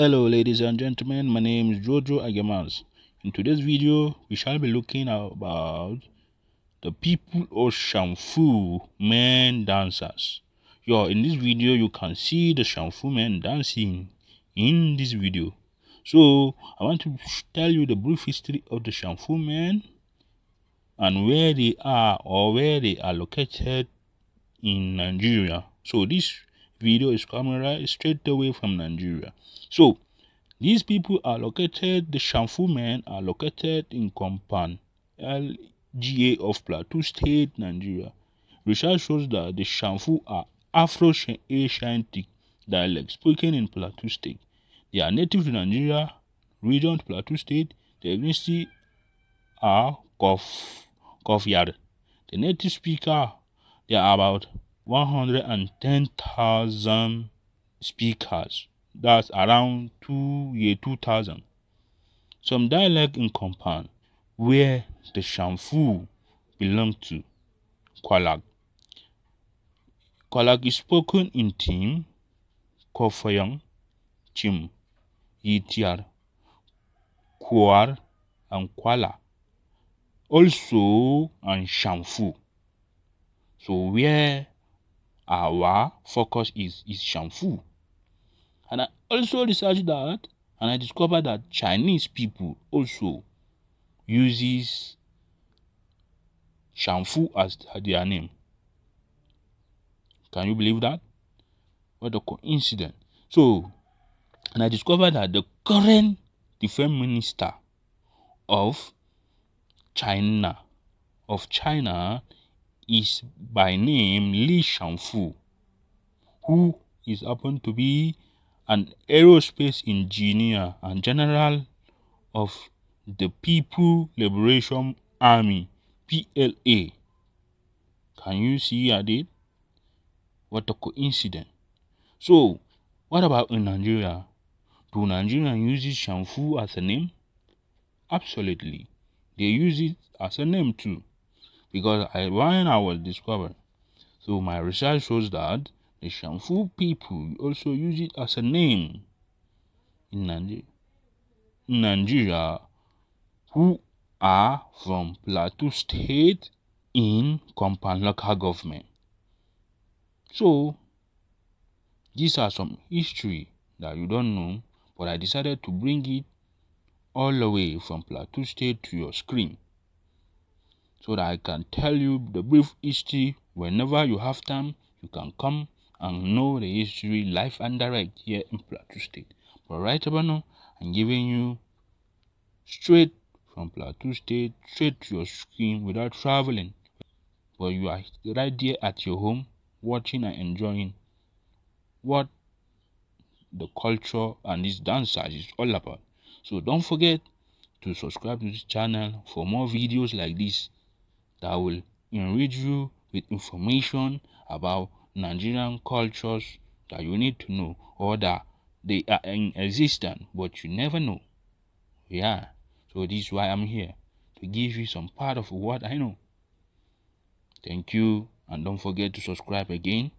Hello ladies and gentlemen, my name is Jojo Agemas. In today's video, we shall be looking about the people of Shamfu men dancers. Yo, in this video, you can see the Shamfu men dancing in this video. So, I want to tell you the brief history of the Shamfu men and where they are or where they are located in Nigeria. So, this video is camera straight away from Nigeria. So these people are located, the Shamfu men are located in Kompan, LGA of Plateau State, Nigeria. Research shows that the Shamfu are Afro-Asiatic dialects spoken in Plateau State. They are native to Nigeria, region to Plateau State. The ethnicity are Kof, Kofyar. The native speaker, they are about 110,000 speakers. That's around two year 2000. Some dialect in Kompan, where the Shamfu belong to Kwalak. Kwalak is spoken in Tim, Kofoyong, Chim, Yitiar, Kuar, and Kuala. Also, and Shamfu. So, where our focus is, is Shanfu. And I also researched that and I discovered that Chinese people also uses Shanfu as their name. Can you believe that? What a coincidence. So, and I discovered that the current defense minister of China, of China, is by name Li Shangfu, who is happened to be an aerospace engineer and general of the People Liberation Army PLA. Can you see at What a coincidence. So, what about in Nigeria? Do Nigerian use Shamfu as a name? Absolutely. They use it as a name too because I, when I was discovered. So my research shows that the Shamfu people also use it as a name in Nigeria, in Nigeria who are from Plateau State in Kompan local government. So these are some history that you don't know, but I decided to bring it all the way from Plateau State to your screen so that I can tell you the brief history. Whenever you have time, you can come and know the history life and direct here in Plateau State. But right about now, I'm giving you straight from Plateau State straight to your screen without traveling. But you are right there at your home, watching and enjoying what the culture and this dancers is all about. So don't forget to subscribe to this channel for more videos like this that will enrich you with information about Nigerian cultures that you need to know or that they are in existence but you never know. Yeah, so this is why I'm here to give you some part of what I know. Thank you and don't forget to subscribe again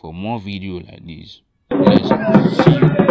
for more video like this. Let's see you.